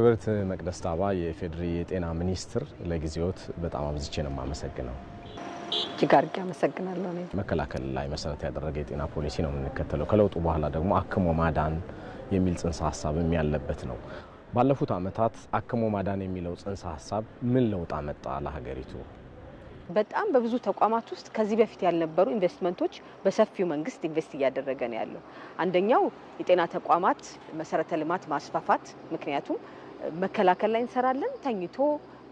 ክብርት መቅደስ ዳባ የፌዴሪ የጤና ሚኒስትር፣ ለጊዜዎት በጣም አብዝቼ ነው የማመሰግነው። እጅግ አድርጌ አመሰግናለሁ። መከላከል ላይ መሰረት ያደረገ የጤና ፖሊሲ ነው የምንከተለው። ከለውጡ በኋላ ደግሞ አክሞ ማዳን የሚል ጽንሰ ሀሳብም ያለበት ነው። ባለፉት ዓመታት አክሞ ማዳን የሚለው ጽንሰ ሀሳብ ምን ለውጥ አመጣ ለሀገሪቱ? በጣም በብዙ ተቋማት ውስጥ ከዚህ በፊት ያልነበሩ ኢንቨስትመንቶች በሰፊው መንግስት ኢንቨስት እያደረገ ነው ያለው። አንደኛው የጤና ተቋማት መሰረተ ልማት ማስፋፋት፣ ምክንያቱም መከላከል ላይ እንሰራለን። ተኝቶ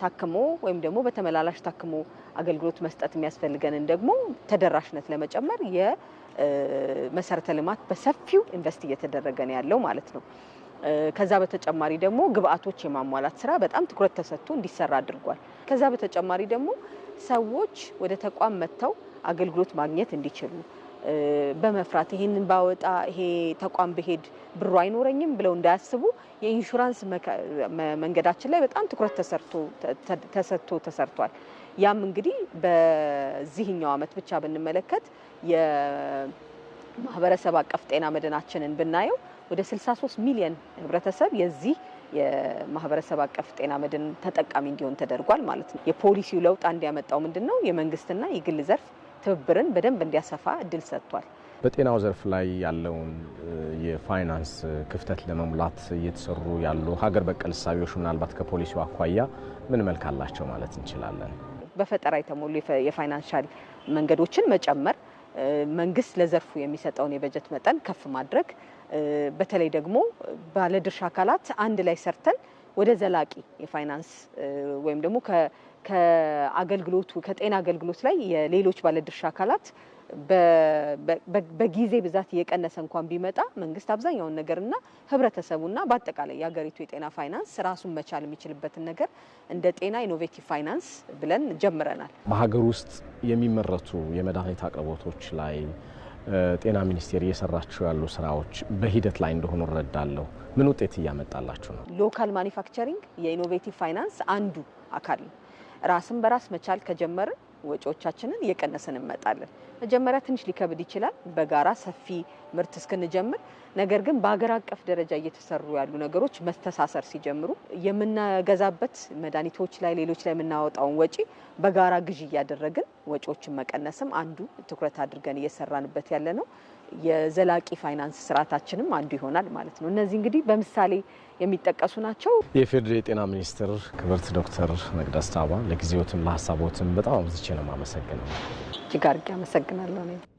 ታክሞ ወይም ደግሞ በተመላላሽ ታክሞ አገልግሎት መስጠት የሚያስፈልገንን ደግሞ ተደራሽነት ለመጨመር የመሰረተ ልማት በሰፊው ኢንቨስት እየተደረገ ነው ያለው ማለት ነው። ከዛ በተጨማሪ ደግሞ ግብአቶች የማሟላት ስራ በጣም ትኩረት ተሰጥቶ እንዲሰራ አድርጓል። ከዛ በተጨማሪ ደግሞ ሰዎች ወደ ተቋም መጥተው አገልግሎት ማግኘት እንዲችሉ በመፍራት ይሄንን ባወጣ ይሄ ተቋም ብሄድ ብሩ አይኖረኝም ብለው እንዳያስቡ የኢንሹራንስ መንገዳችን ላይ በጣም ትኩረት ተሰጥቶ ተሰርቷል። ያም እንግዲህ በዚህኛው ዓመት ብቻ ብንመለከት የማህበረሰብ አቀፍ ጤና መድናችንን ብናየው ወደ 63 ሚሊዮን ህብረተሰብ የዚህ የማህበረሰብ አቀፍ ጤና መድን ተጠቃሚ እንዲሆን ተደርጓል ማለት ነው። የፖሊሲው ለውጥ አንድ ያመጣው ምንድን ነው? የመንግስትና የግል ዘርፍ ትብብርን በደንብ እንዲያሰፋ እድል ሰጥቷል። በጤናው ዘርፍ ላይ ያለውን የፋይናንስ ክፍተት ለመሙላት እየተሰሩ ያሉ ሀገር በቀል እሳቤዎች ምናልባት ከፖሊሲው አኳያ ምን መልክ አላቸው ማለት እንችላለን? በፈጠራ የተሞሉ የፋይናንሻል መንገዶችን መጨመር፣ መንግስት ለዘርፉ የሚሰጠውን የበጀት መጠን ከፍ ማድረግ፣ በተለይ ደግሞ ባለድርሻ አካላት አንድ ላይ ሰርተን ወደ ዘላቂ የፋይናንስ ወይም ደግሞ ከአገልግሎቱ ከጤና አገልግሎት ላይ የሌሎች ባለድርሻ አካላት በጊዜ ብዛት እየቀነሰ እንኳን ቢመጣ መንግስት አብዛኛውን ነገርና ህብረተሰቡና በአጠቃላይ የሀገሪቱ የጤና ፋይናንስ ራሱን መቻል የሚችልበትን ነገር እንደ ጤና ኢኖቬቲቭ ፋይናንስ ብለን ጀምረናል። በሀገር ውስጥ የሚመረቱ የመድኃኒት አቅርቦቶች ላይ ጤና ሚኒስቴር እየሰራቸው ያሉ ስራዎች በሂደት ላይ እንደሆኑ እረዳለሁ። ምን ውጤት እያመጣላችሁ ነው? ሎካል ማኒፋክቸሪንግ የኢኖቬቲቭ ፋይናንስ አንዱ አካል ነው። ራስን በራስ መቻል ከጀመርን ወጪዎቻችንን እየቀነስን እንመጣለን። መጀመሪያ ትንሽ ሊከብድ ይችላል። በጋራ ሰፊ ምርት እስክንጀምር ነገር ግን በሀገር አቀፍ ደረጃ እየተሰሩ ያሉ ነገሮች መስተሳሰር ሲጀምሩ የምናገዛበት መድኃኒቶች ላይ ሌሎች ላይ የምናወጣውን ወጪ በጋራ ግዢ እያደረግን ወጪዎችን መቀነስም አንዱ ትኩረት አድርገን እየሰራንበት ያለ ነው። የዘላቂ ፋይናንስ ስርዓታችንም አንዱ ይሆናል ማለት ነው። እነዚህ እንግዲህ በምሳሌ የሚጠቀሱ ናቸው። የፌዴራል የጤና ሚኒስትር ክብርት ዶክተር መቅደስ ዳባ ለጊዜዎትም ለሀሳቦትም በጣም አብዝቼ ነው የማመሰግነው። እጅግ አድርጌ አመሰግናለሁ።